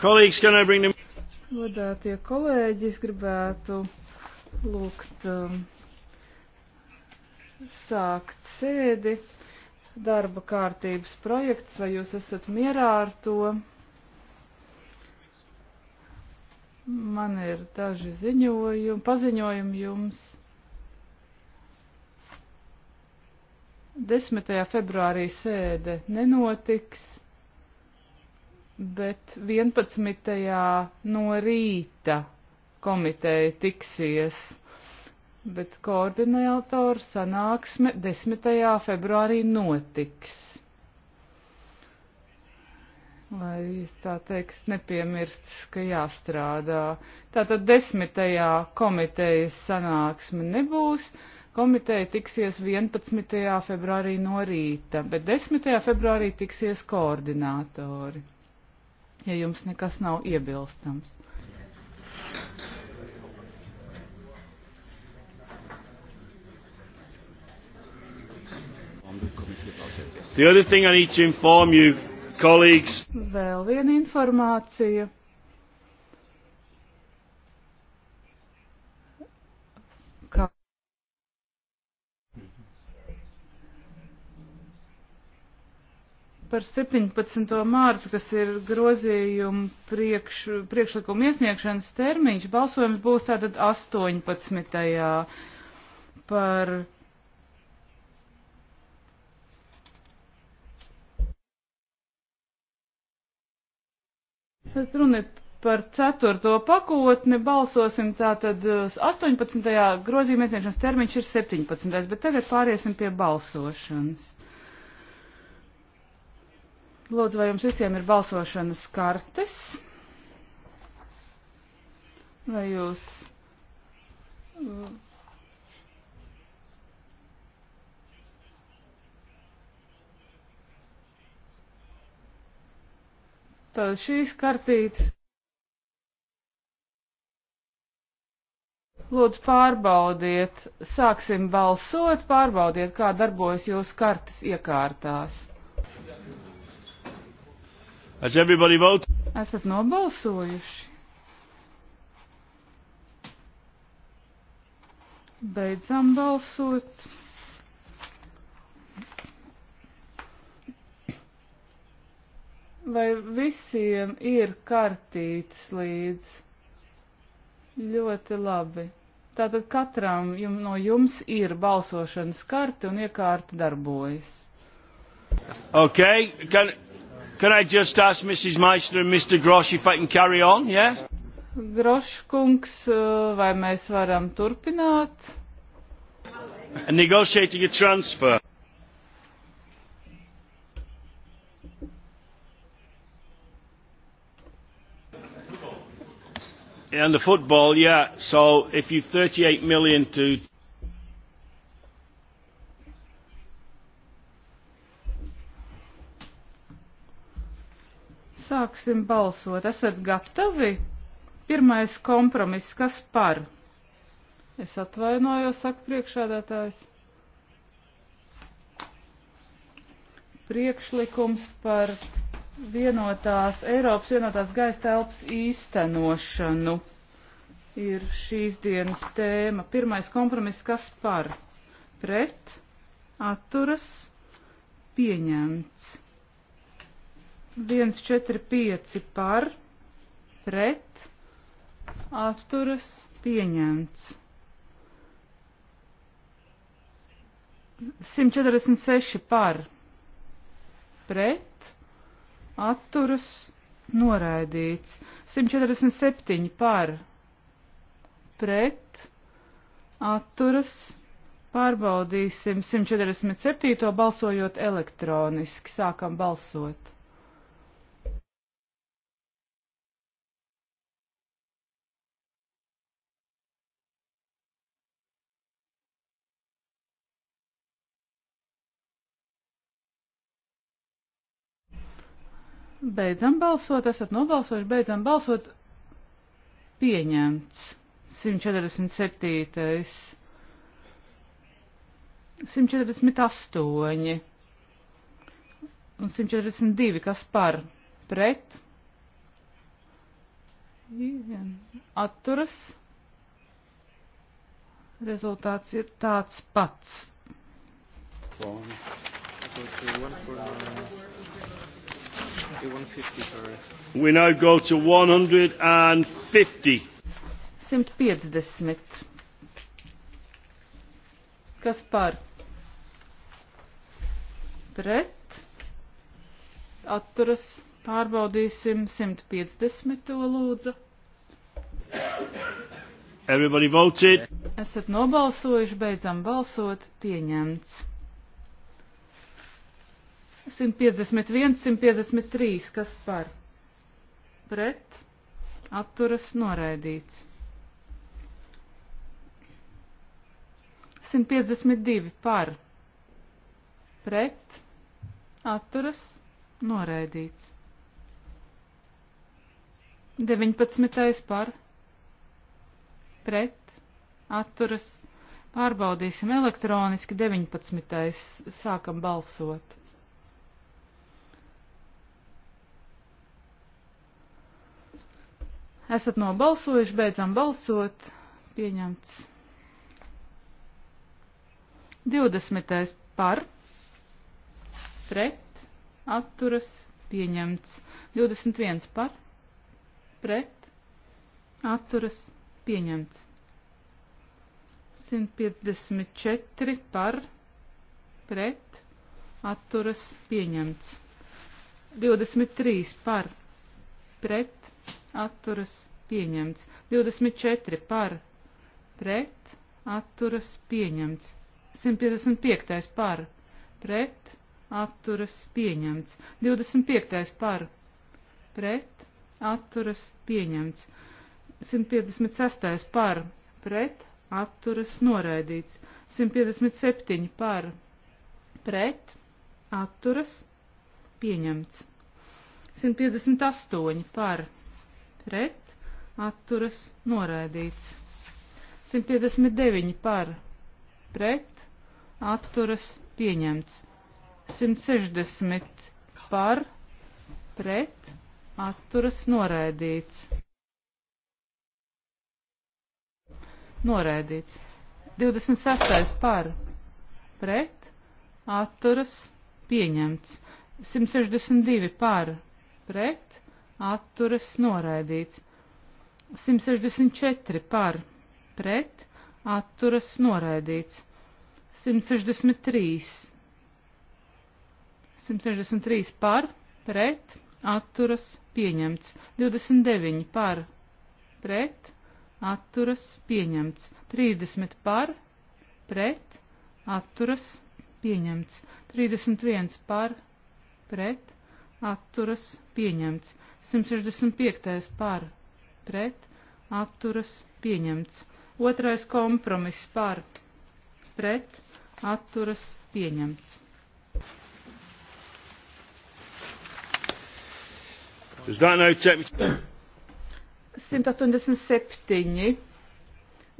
Kolēģis, can I bring them? Godātie kolēģi, es gribētu lūgt um, sākt sēdi. Darba kārtības projekts, vai jūs esat mierā ar to? Man ir daži ziņojumi, paziņojumi jums. 10. februārī sēde nenotiks, bet 11. no rīta komiteja tiksies, bet koordinātoru sanāksme 10. februārī notiks lai tā teiks nepiemirsts, ka jāstrādā. Tātad desmitajā komitejas sanāksme nebūs. Komiteja tiksies 11. februārī no rīta, bet 10. februārī tiksies koordinātori, ja jums nekas nav iebilstams. The other thing I need to inform you Kolīgs. Vēl viena informācija. Kā... Par 17. mārtu, kas ir grozījumu priekš, priekšlikumu iesniegšanas termiņš, balsojums būs tātad 18. par Tad runa ir par ceturto pakotni. Balsosim tātad 18. Eh, grozījuma iesniegšanas termiņš ir 17. Bet tagad pāriesim pie balsošanas. Lūdzu, vai jums visiem ir balsošanas kartes? Vai jūs Tad šīs kartītes. Lūdzu, pārbaudiet, sāksim balsot, pārbaudiet, kā darbojas jūsu kartes iekārtās. Esat nobalsojuši? Beidzam balsot. Vai visiem ir kartītes līdz? Ļoti labi. Tātad katram jum, no jums ir balsošanas karte un iekārta darbojas. Ok, can, can I just ask Mrs. Meister and Mr. Grosh if I can carry on, yeah? Groškungs, uh, vai mēs varam turpināt? Negotiating a transfer. on the football, yeah. So if you 38 million to. Sāksim balsot. Esat gatavi? Pirmais kompromiss, kas par? Es atvainojos, saka priekšādātājs. Priekšlikums par vienotās Eiropas vienotās gaisa telpas īstenošanu ir šīs dienas tēma. Pirmais kompromiss, kas par pret atturas pieņemts. 1, 4, 5 par pret atturas pieņemts. 146 par pret atturas noraidīts. 147 par pret atturas pārbaudīsim 147. balsojot elektroniski. Sākam balsot. Beidzam balsot, esat nobalsojuši, beidzam balsot. Pieņemts. 147. 148. Un 142. Kas par? Pret? Atturas. Rezultāts ir tāds pats. One. We now go to 150. 150. Kas par? Pret. Atturas. Pārbaudīsim 150. lūdzu. Everybody voted. Esat nobalsojuši, beidzam balsot, pieņemts. 151, 153, kas par pret atturas noraidīts. 152 par pret atturas noraidīts. 19. par pret atturas pārbaudīsim elektroniski 19. sākam balsot. Esat nobalsojuši, beidzam balsot. Pieņemts. 20. par, pret, atturas, pieņemts. 21. par, pret, atturas, pieņemts. 154 par, pret, atturas, pieņemts. 23 par, pret, atturas pieņemts. 24 par pret atturas pieņemts. 155 par pret atturas pieņemts. 25 par pret atturas pieņemts. 156 par pret atturas noraidīts. 157 par pret atturas pieņemts. 158 par pret pret, atturas, noraidīts. 159 par, pret, atturas, pieņemts. 160 par, pret, atturas, noraidīts. Noraidīts. 26 par, pret, atturas, pieņemts. 162 par, pret, atturas noraidīts. 164 par pret atturas noraidīts. 163. 163 par pret atturas pieņemts. 29 par pret atturas pieņemts. 30 par pret atturas pieņemts. 31 par pret atturas pieņemts. 165. par pret atturas pieņemts. Otrais kompromiss par pret atturas pieņemts. Does that now check? 187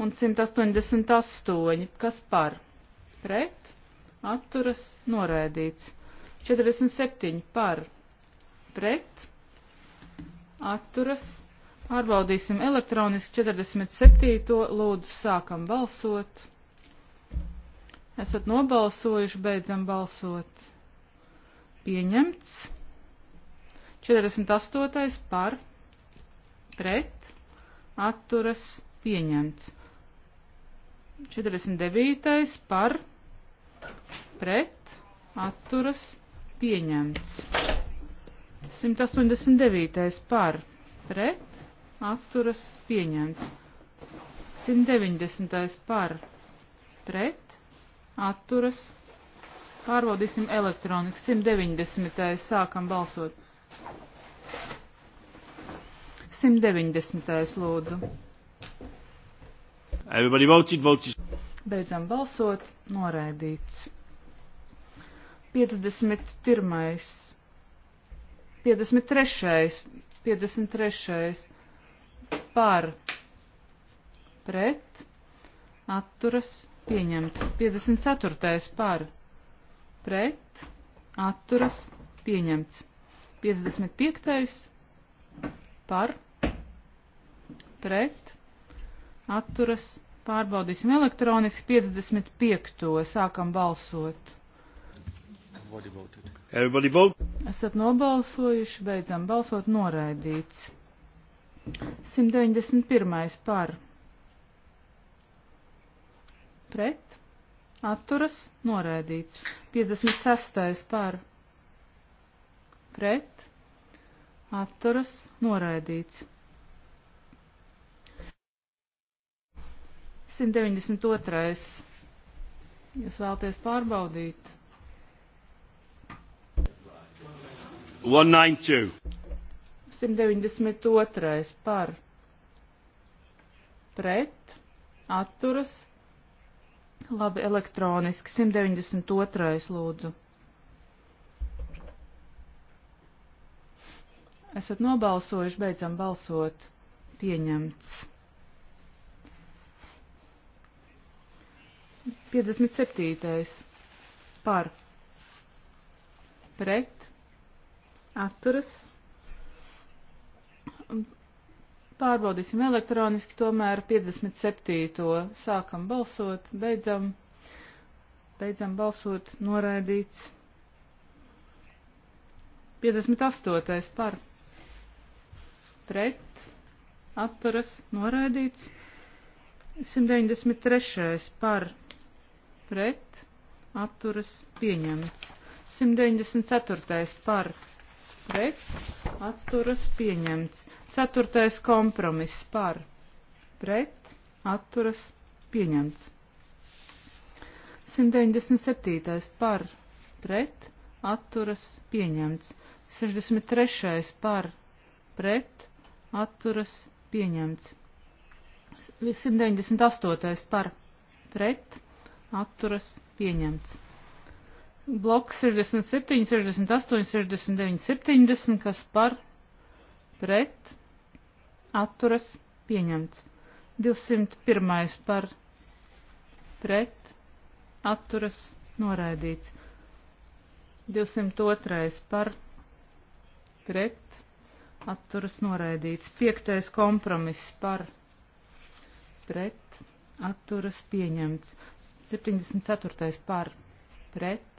un 188. Kas par? Pret, atturas, noraidīts. 47 par, pret, atturas. Pārbaudīsim elektroniski 47. Lūdzu, sākam balsot. Esat nobalsojuši, beidzam balsot. Pieņemts. 48. par, pret, atturas, pieņemts. 49. par, pret, atturas, pieņemts. 189. par pret atturas pieņemts. 190. par pret atturas. Pārbaudīsim elektronikas. 190. sākam balsot. 190. lūdzu. Everybody voted, voted. Beidzam balsot, noraidīts. 51. 53. 53. par pret atturas pieņemts. 54. par pret atturas pieņemts. 55. par pret atturas pārbaudīsim elektroniski. 55. sākam balsot. Everybody voted. Everybody vote. Esat nobalsojuši, beidzam balsot, noraidīts. 191. par. Pret. Atturas. Noraidīts. 56. par. Pret. Atturas. Noraidīts. 192. Jūs vēlaties pārbaudīt? 192. 192. par pret atturas. Labi, elektroniski. 192. lūdzu. Esat nobalsojuši, beidzam balsot. Pieņemts. 57. par pret atturas. Pārbaudīsim elektroniski, tomēr 57. sākam balsot, beidzam, beidzam balsot, noraidīts. 58. par pret, atturas, noraidīts. 193. par pret, atturas, pieņemts. 194. par pret pret atturas pieņemts. Ceturtais kompromiss par pret atturas pieņemts. 197. par pret atturas pieņemts. 63. par pret atturas pieņemts. 198. par pret atturas pieņemts bloks 67, 68, 69, 70, kas par pret atturas pieņemts. 201 par pret atturas noraidīts. 202 par pret atturas noraidīts. 5. kompromiss par pret atturas pieņemts. 74. par pret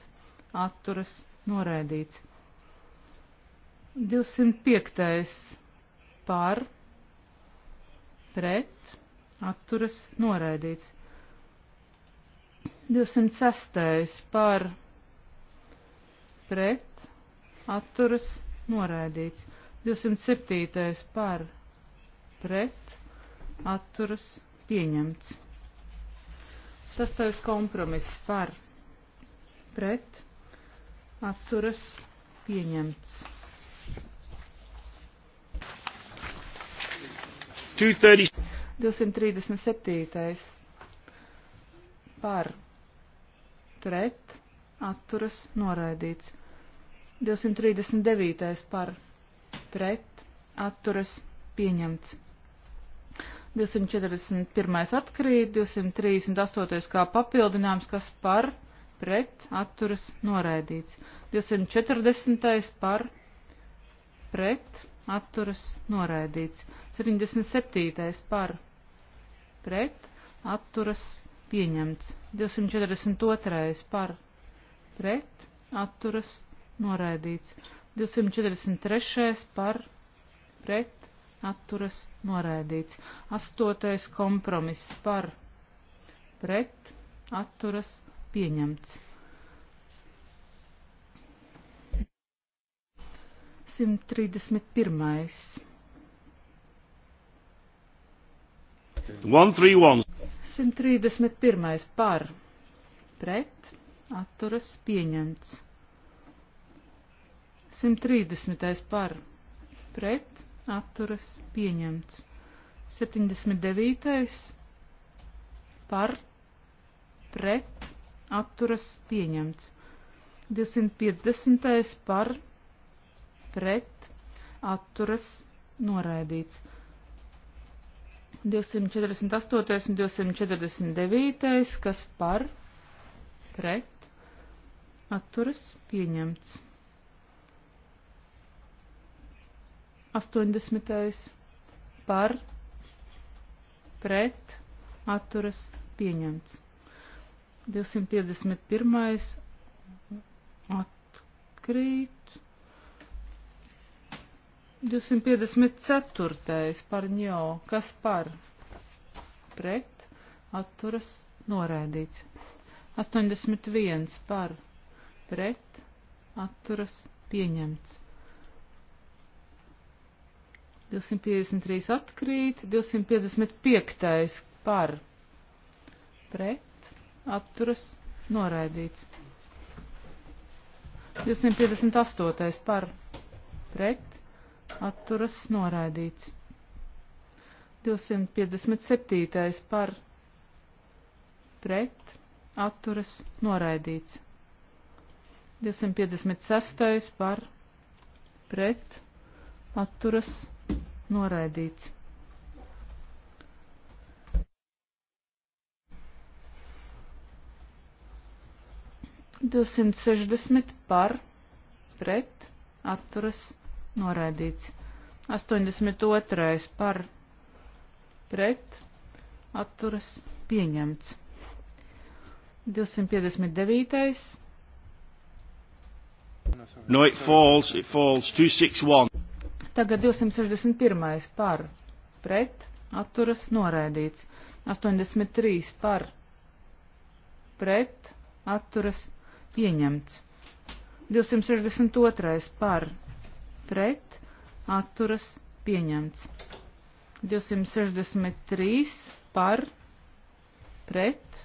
atturas noraidīts. 205. par pret atturas noraidīts. 206. par pret atturas noraidīts. 207. par pret atturas pieņemts. Sastais kompromiss par pret atturas pieņemts. 237. par pret atturas noraidīts. 239. par pret atturas pieņemts. 241. atkrīt, 238. kā papildinājums, kas par pret pret atturas noraidīts. 240. par pret atturas noraidīts. 77. par pret atturas pieņemts. 242. par pret atturas noraidīts. 243. par pret atturas noraidīts. 8. kompromiss par pret atturas noraidīts atturas pieņemts. 131. 131. 131. par pret atturas pieņemts. 130. par pret atturas pieņemts. 79. par pret atturas pieņemts. 250. par pret atturas noraidīts. 248. un 249. kas par pret atturas pieņemts. 80. par pret atturas pieņemts. 251. atkrīt. 254. par ņo, kas par pret atturas noraidīts. 81 par pret atturas pieņemts. 253 atkrīt, 255 par pret atturas noraidīts. 258. par pret atturas noraidīts. 257. par pret atturas noraidīts. 256. par pret atturas noraidīts. 260 par pret atturas noraidīts. 82 par pret atturas pieņemts. 259. No, it falls, it falls, 261. Tagad 261 par pret atturas noraidīts. 83 par pret atturas pieņemts Pieņemts. 262. par pret atturas pieņemts. 263 par pret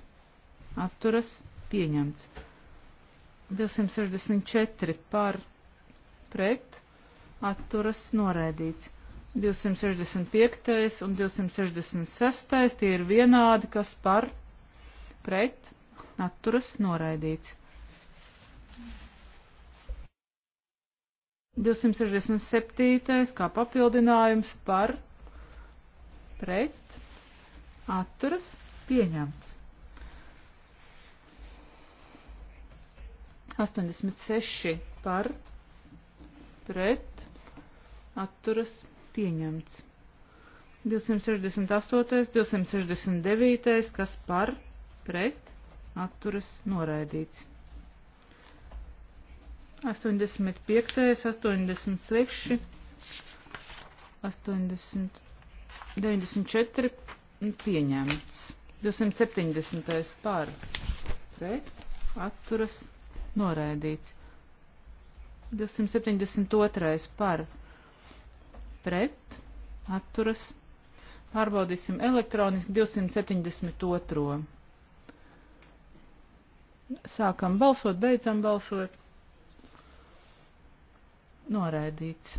atturas pieņemts. 264 par pret atturas noraidīts. 265 un 266 tie ir vienādi, kas par pret atturas noraidīts. 267. kā papildinājums par pret atturas pieņemts. 86 par pret atturas pieņemts. 268, 269, kas par pret atturas noraidīts. 85, 86, 80, 94 pieņemts. 270 par pret atturas noraidīts. 272 par pret atturas. Pārbaudīsim elektroniski 272. Sākam balsot, beidzam balsot noraidīts.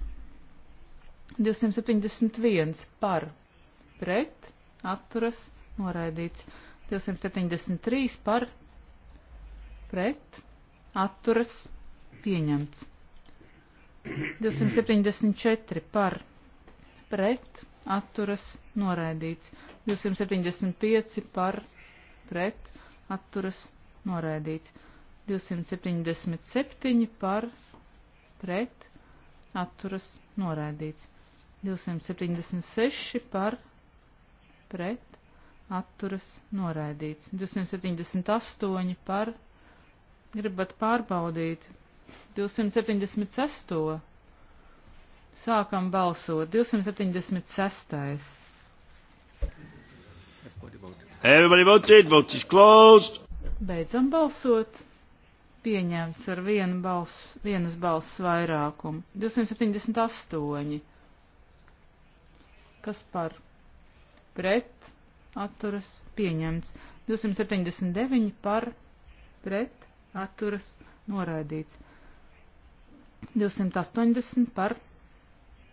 271 par pret atturas noraidīts. 273 par pret atturas pieņemts. 274 par pret atturas noraidīts. 275 par pret atturas noraidīts. 277 par pret atturas noraidīts. 276 par pret atturas noraidīts. 278 par gribat pārbaudīt. 276. Sākam balsot. 276. Everybody voted, vote is closed. Beidzam balsot pieņemts ar vienu balsu, vienas balss vairākumu. 278. Kas par? Pret. Atturas. Pieņemts. 279 par. Pret. Atturas. Noraidīts. 280 par.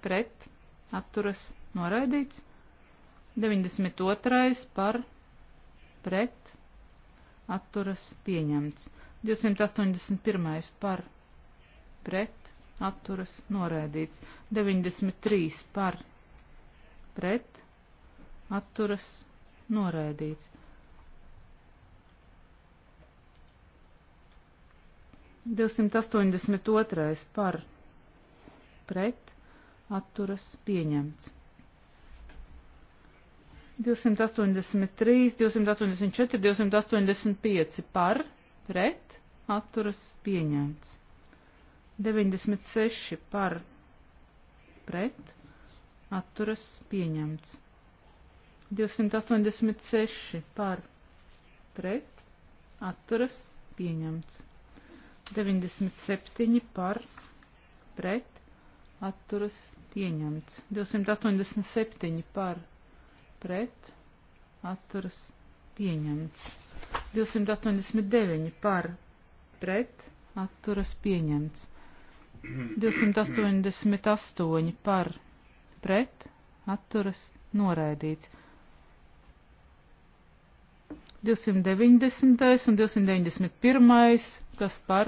Pret. Atturas. Noraidīts. 92 par. Pret. Atturas. Pieņemts. 281 par pret atturas noraidīts. 93 par pret atturas noraidīts. 282 par pret atturas pieņemts. 283, 284, 285 par pret pret, atturas pieņemts. 96 par pret, atturas pieņemts. 286 par pret, atturas pieņemts. 97 par pret, atturas pieņemts. 287 par pret, atturas pieņemts. 289 par pret atturas pieņemts. 288 par pret atturas noraidīts. 290. un 291. kas par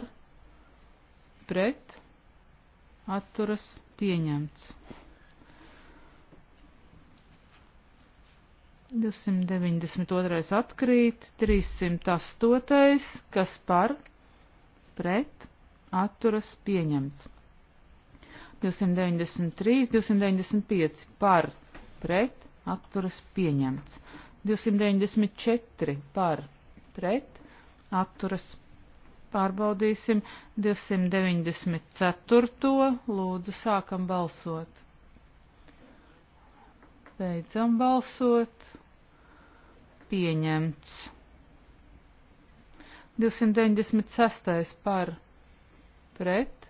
pret atturas pieņemts. 292. atkrīt, 308. kas par, pret, atturas pieņemts. 293, 295 par, pret, atturas pieņemts. 294 par, pret, atturas pārbaudīsim. 294. lūdzu sākam balsot. Beidzam balsot. Pieņemts. 296. par pret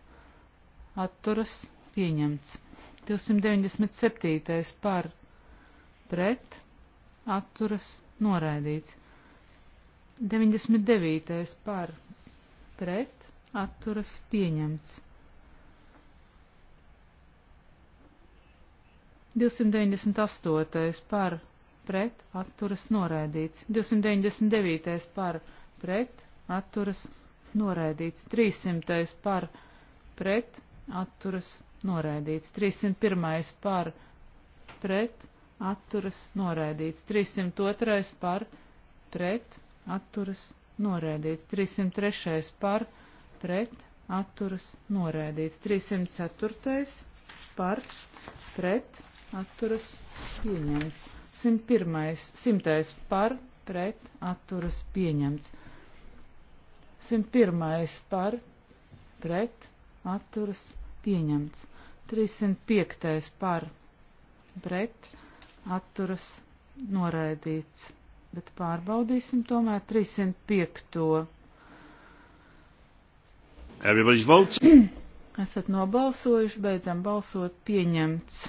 atturas pieņemts. 297. par pret atturas noraidīts. 99. par pret atturas pieņemts. 298. par pret atturas noraidīts. 299. par pret atturas noraidīts. 300. par pret atturas noraidīts. 301. par pret atturas noraidīts. 302. par pret atturas noraidīts. 303. par pret atturas noraidīts. 304. par pret atturas pieņemts. 101. 100. par pret atturas pieņemts. 101. par pret atturas pieņemts. 305. par pret atturas noraidīts. Bet pārbaudīsim tomēr 305. Everybody's votes. Esat nobalsojuši, beidzam balsot, pieņemts.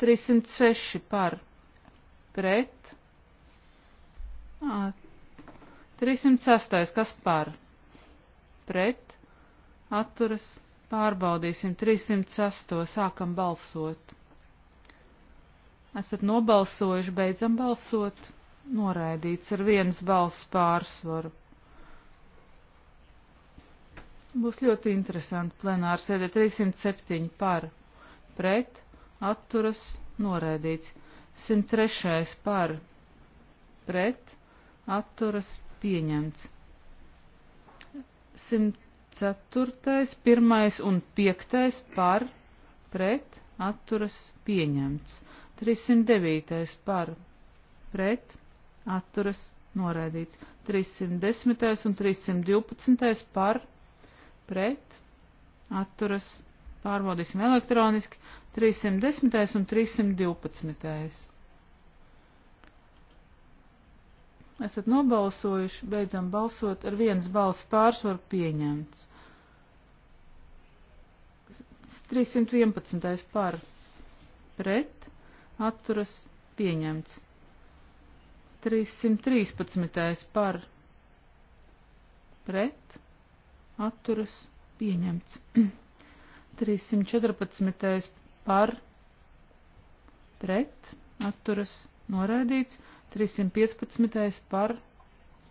306 par pret. À, 306. Kas par? Pret. Atturas. Pārbaudīsim. 306. Sākam balsot. Esat nobalsojuši, beidzam balsot. Noraidīts ar vienas balss pārsvaru. Būs ļoti interesanti plenāra sēdē 307 par pret atturas noraidīts. 103. par pret atturas pieņemts. 104. pirmais un piektais par pret atturas pieņemts. 309. par pret atturas noraidīts. 310. un 312. par pret atturas pārbaudīsim elektroniski. 310. un 312. Esat nobalsojuši, beidzam balsot, ar vienas balss pārsvaru pieņemts. 311. par pret, atturas pieņemts. 313. par pret, atturas pieņemts. 314. par pret atturas noraidīts, 315. par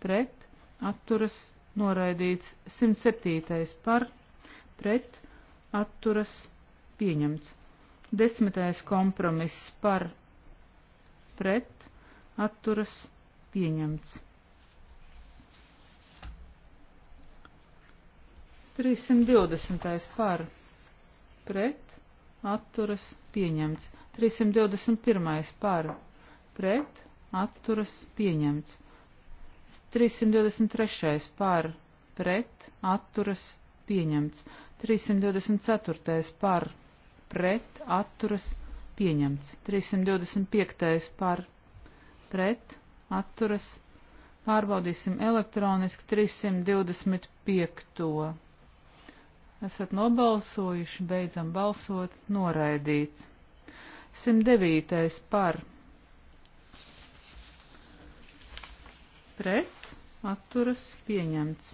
pret atturas noraidīts, 107. par pret atturas pieņemts, 10. kompromiss par pret atturas pieņemts. 320. par pret atturas pieņemts. 321. par pret atturas pieņemts. 323. par pret atturas pieņemts. 324. par pret atturas pieņemts. 325. par pret atturas pieņemts. Pārbaudīsim elektroniski 325. Esat nobalsojuši, beidzam balsot, noraidīts. 109. par. Pret, atturas, pieņemts.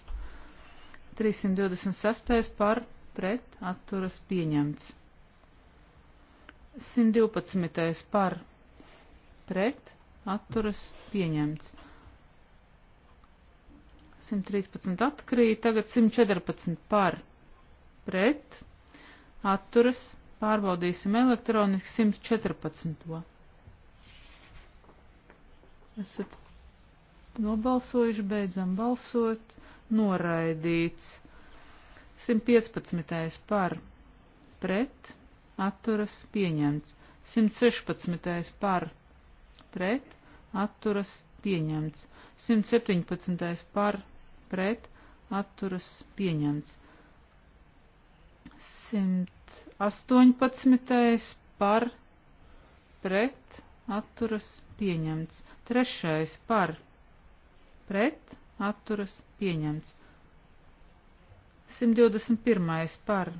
326. par, pret, atturas, pieņemts. 112. par, pret, atturas, pieņemts. 113 atkrīt, tagad 114 par, pret pret, atturas, pārbaudīsim elektroniski 114. Esat nobalsojuši, beidzam balsot, noraidīts. 115. par, pret, atturas, pieņemts. 116. par, pret, atturas, pieņemts. 117. par, pret, atturas, pieņemts. 118. par pret atturas pieņemts. Trešais par pret atturas pieņemts. 121. par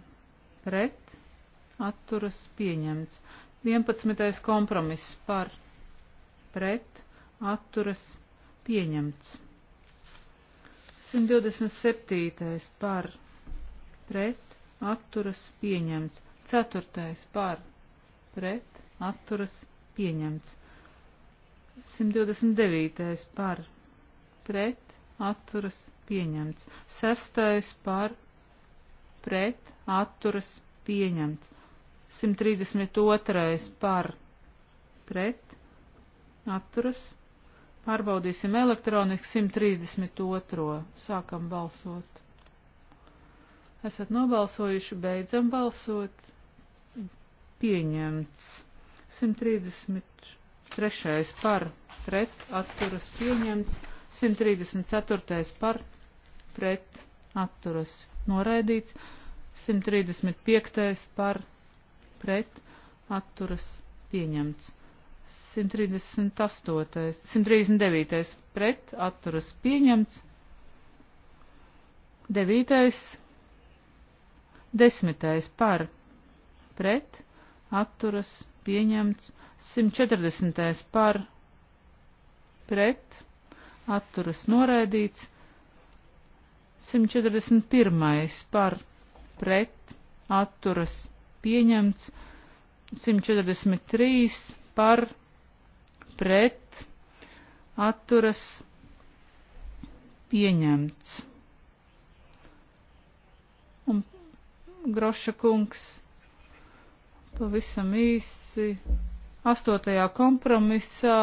pret atturas pieņemts. 11. kompromiss par pret atturas pieņemts. 127. par pret atturas pieņemts. Ceturtais par pret atturas pieņemts. 129. par pret atturas pieņemts. Sestais par pret atturas pieņemts. 132. par pret atturas. Pārbaudīsim elektroniski 132. Sākam balsot. Esat nobalsojuši, beidzam balsot. Pieņemts. 133. par pret atturas pieņemts. 134. par pret atturas noraidīts. 135. par pret atturas pieņemts. 138. 139. pret atturas pieņemts. 9. Desmitais par pret atturas pieņemts. 140. par pret atturas noraidīts. 141. par pret atturas pieņemts. 143. par pret atturas pieņemts. Groša kungs. Pavisam īsi. Astotajā kompromisā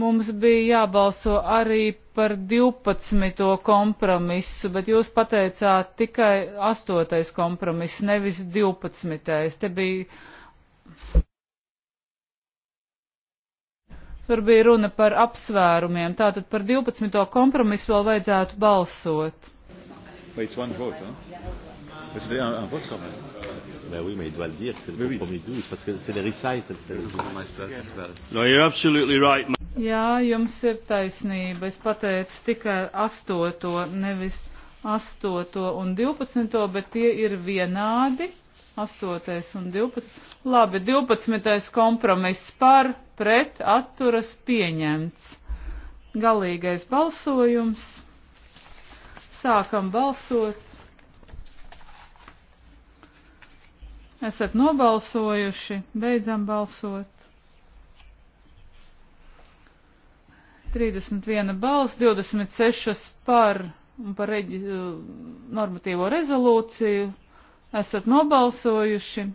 mums bija jābalso arī par 12. kompromisu, bet jūs pateicāt tikai 8. kompromiss, nevis 12. Te bija. Tur bija runa par apsvērumiem, tātad par 12. kompromisu vēl vajadzētu balsot. Līdz one vote, huh? C'était un, un vote quand même. Ben oui, mais il doit le dire, c'est le oui, compromis oui. 12, parce que c'est les recitals. No, you're absolutely right. Jā, jums ir taisnība. Es pateicu tikai astoto, nevis astoto un divpadsmito, bet tie ir vienādi. Astotais un divpadsmit. Labi, divpadsmitais kompromiss par, pret, atturas pieņemts. Galīgais balsojums. Sākam balsot. Esat nobalsojuši, beidzam balsot. 31 balss, 26 par un par reģi, normatīvo rezolūciju. Esat nobalsojuši.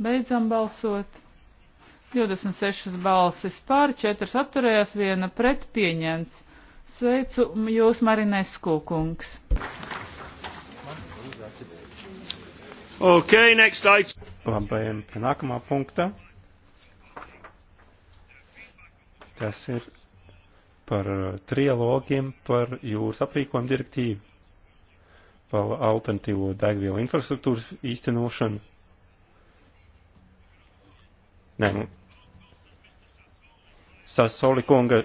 Beidzam balsot. 26 balsis pār, 4 atturējās, 1 pret pieņemts. Sveicu jūs, Marinesku kungs! Ok, next item. Labajam pie nākamā punkta. Tas ir par uh, trialogiem par jūras aprīkojumu direktīvu, par alternatīvo degvielu infrastruktūras īstenošanu. Nē, nu, Sasoli kunga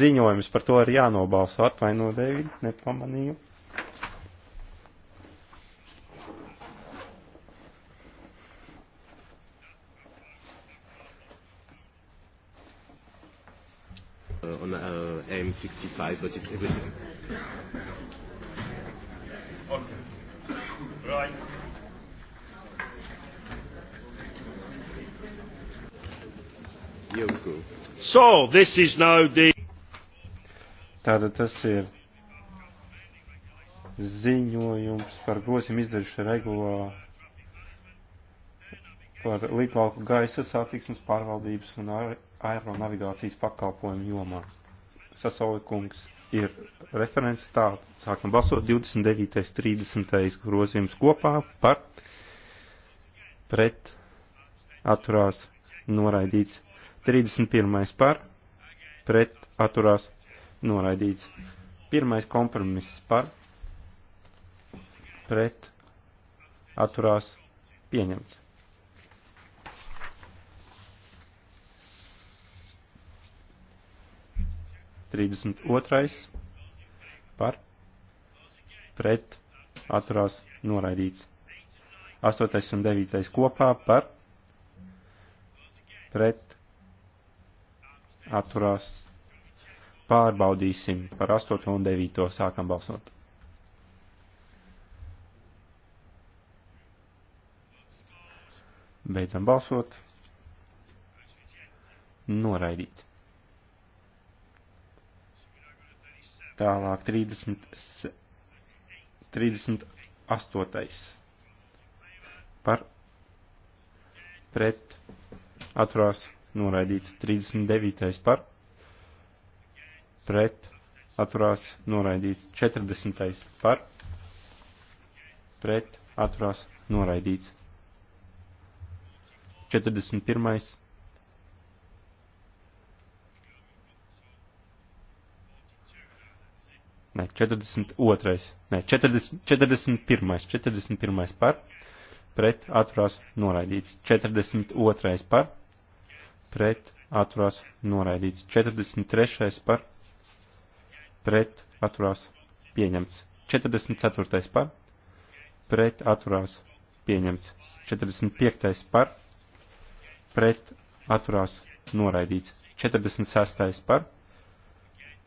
ziņojums par to ir jānobalso. Atvaino, Deivid, nepamanīju. 65, but it's everything. Okay. Right. Here we go. So, this is now the... Tātad tas ir ziņojums par grosim izdarīšanu regulā par lielāku gaisa satiksmes pārvaldības un aeronavigācijas pakalpojumu jomā. Sasovi kungs ir referents tā, sākam balsot 29. 30. grozījums kopā par pret atturās noraidīts 31. par pret atturās noraidīts. Pirmais kompromiss par pret atturās pieņemts. 32. par pret atturās noraidīts. 8. un 9. kopā par pret atturās pārbaudīsim par 8. un 9. sākam balsot. Beidzam balsot. Noraidīts. Tālāk 30, 38. par pret atturās noraidīts 39. par pret atturās noraidīts 40. par pret atturās noraidīts 41. ne, 42. ne, 40, 41. 41. par, pret atturās noraidīts. 42. par, pret atturās noraidīts. 43. par, pret atturās pieņemts. 44. par, pret atturās pieņemts. 45. par, pret atturās noraidīts. 46. par,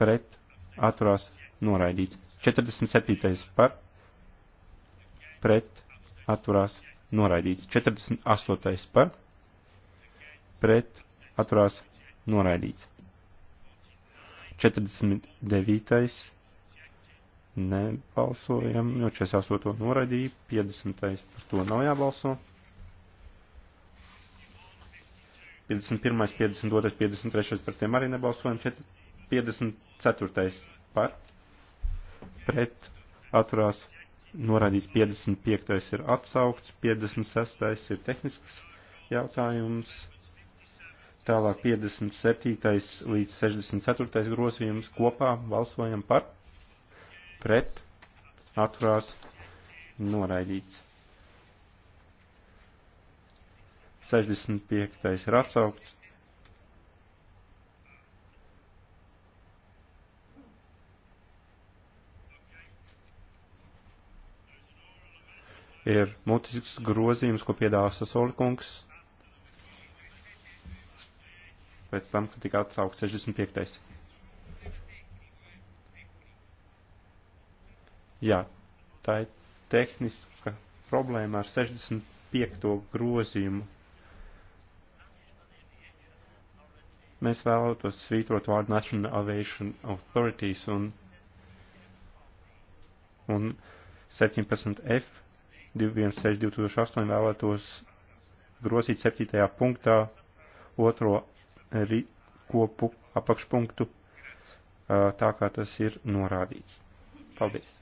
pret atturās noraidīts. 47. par pret atturās noraidīts. 48. par pret atturās noraidīts. 49. nebalsojam, jo 48. noraidīja, 50. par to nav jābalso. 51., 52., 53. par tiem arī nebalsojam, 54. par pret atturās noraidīts 55. ir atsaukts, 56. ir tehnisks jautājums, tālāk 57. līdz 64. grozījums kopā balsojam par pret atturās noraidīts. 65. ir atsaukts, ir mutisks grozījums, ko piedāvā Sasolikungs. Pēc tam, kad tika atsaukt 65. Jā, tā ir tehniska problēma ar 65. grozījumu. Mēs vēlētos svītrot vārdu National Aviation Authorities un, un 17F 216-2008 vēlētos grozīt 7. punktā otro kopu apakšpunktu, tā kā tas ir norādīts. Paldies!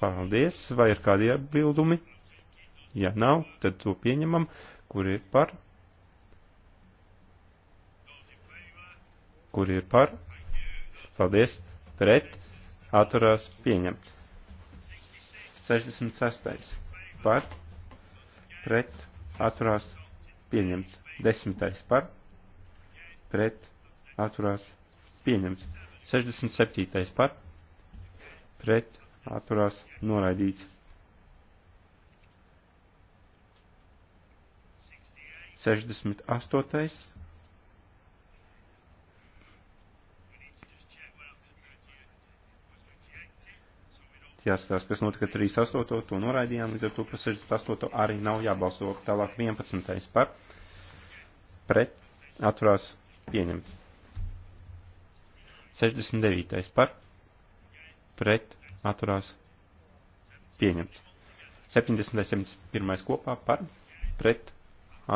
Paldies! Vai ir kādi iebildumi? Ja nav, tad to pieņemam, kur ir par. Kur ir par? Paldies! Pret! Atturās pieņemts. 66. par pret atturās pieņemts. 10. par pret atturās pieņemts. 67. par pret atturās noraidīts. 68. Jāsatās, kas notika 38. to noraidījām, līdz ar to par 68. arī nav jābalso. Tālāk 11. par pret atturās pieņemts. 69. par pret atturās pieņemts. 70. 71. kopā par pret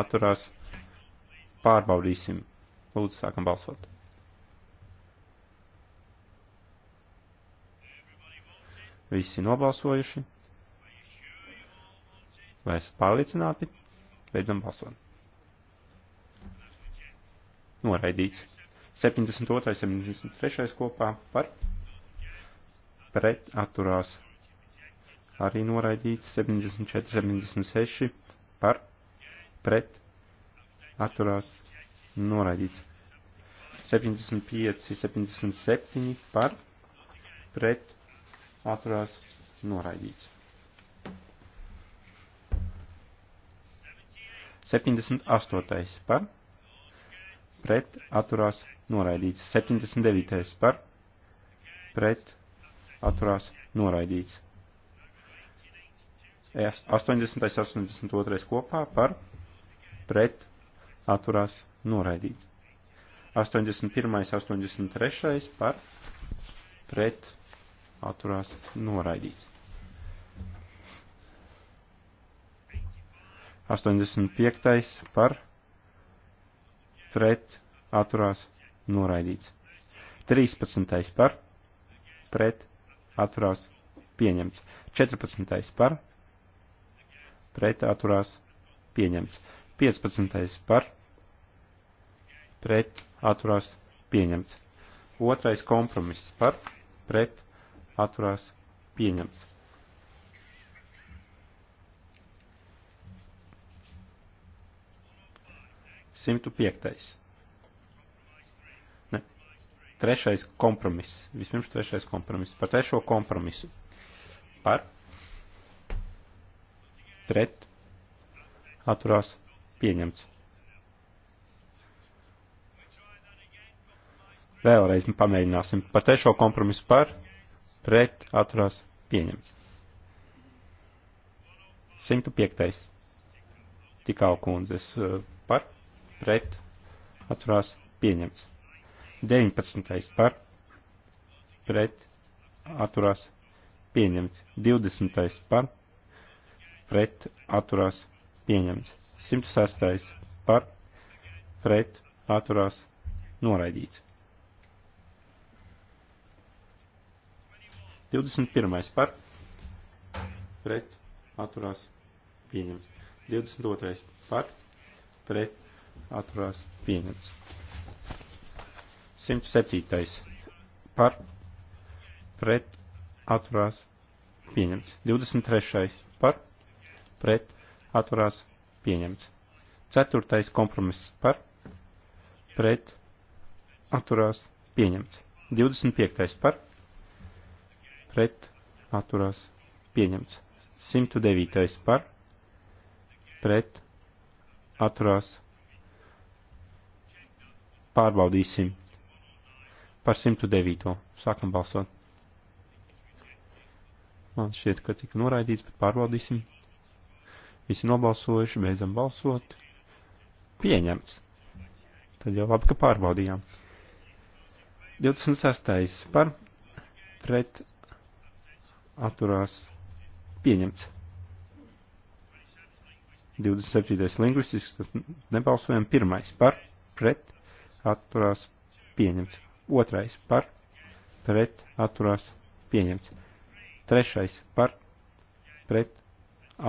atturās pārbaudīsim. Lūdzu, sākam balsot. Visi nobalsojuši. Vai esat pārliecināti? Beidzam balsot. Noraidīts. 72. 73. kopā par pret atturās. Arī noraidīts 74, 76 par pret atturās noraidīts. 75, 77 par pret atturās noraidīts. 78. par pret atturās noraidīts. 79. par pret atturās noraidīts. 80. 82. kopā par pret atturās noraidīts. 81. 83. par pret atturās noraidīts. 85. par pret atturās noraidīts. 13. par pret atturās pieņemts. 14. par pret atturās pieņemts. 15. par pret atturās pieņemts. Otrais kompromiss par pret atturās pieņemts. Simtu piektais. Ne. Trešais kompromiss. Vispirms trešais kompromiss. Par trešo kompromisu. Par. Pret. Atturās. Pieņemts. Vēlreiz pamēģināsim par trešo kompromisu par pret atturās pieņemts. 105. Tikau kundzes eh, par pret atturās pieņemts. 19. par pret atturās pieņemts. 20. par pret atturās pieņemts. 106. par pret atturās noraidīts. 21. par pret atturās pieņemts. 22. par pret atturās pieņemts. 107. par pret atturās pieņemts. 23. par pret atturās pieņemts. 4. kompromiss par pret atturās pieņemts. 25. par pret atturās pieņemts. 109. par pret atturās pārbaudīsim par 109. Sākam balsot. Man šķiet, ka tika noraidīts, bet pārbaudīsim. Visi nobalsojuši, beidzam balsot. Pieņemts. Tad jau labi, ka pārbaudījām. 26. par pret atturās pieņemts. 27. lingvistisks, tad nebalsojam pirmais par, pret, atturās pieņemts. Otrais par, pret, atturās pieņemts. Trešais par, pret,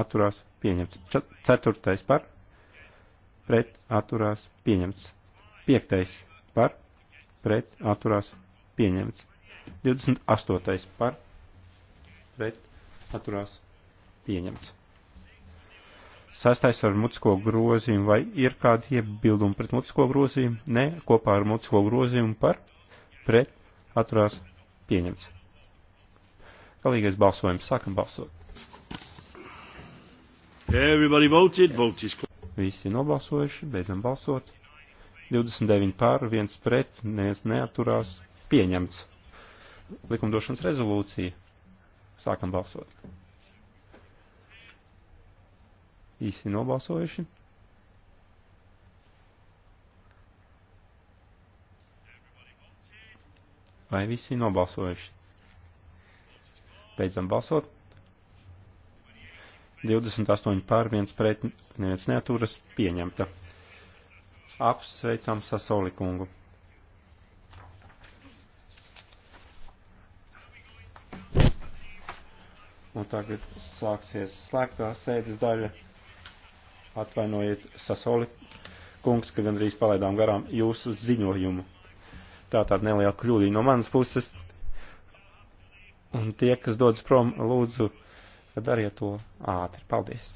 atturās pieņemts. Ceturtais par, pret, atturās pieņemts. Piektais par, pret, atturās pieņemts. 28. par, pret atturās pieņemts. Sastais ar mutisko grozījumu, vai ir kādi iebildumi pret mutisko grozījumu? Nē, kopā ar mutisko grozījumu par pret atturās pieņemts. Galīgais balsojums, sākam balsot. Everybody voted, voted. Visi nobalsojuši, beidzam balsot. 29 pār, 1 pret, neviens neaturās, pieņemts. Likumdošanas rezolūcija. Sākam balsot. Īsti nobalsojuši. Vai visi nobalsojuši? Beidzam balsot. 28 pār 1 pret, neviens neaturas, pieņemta. Apsveicam Sasoli kungu. Un tagad sāksies slēgtā sēdes daļa. Atvainojiet, Sasoli kungs, ka gandrīz palaidām garām jūsu ziņojumu. Tā tāda neliela kļūdīja no manas puses. Un tie, kas dodas prom, lūdzu, dariet to ātri. Paldies!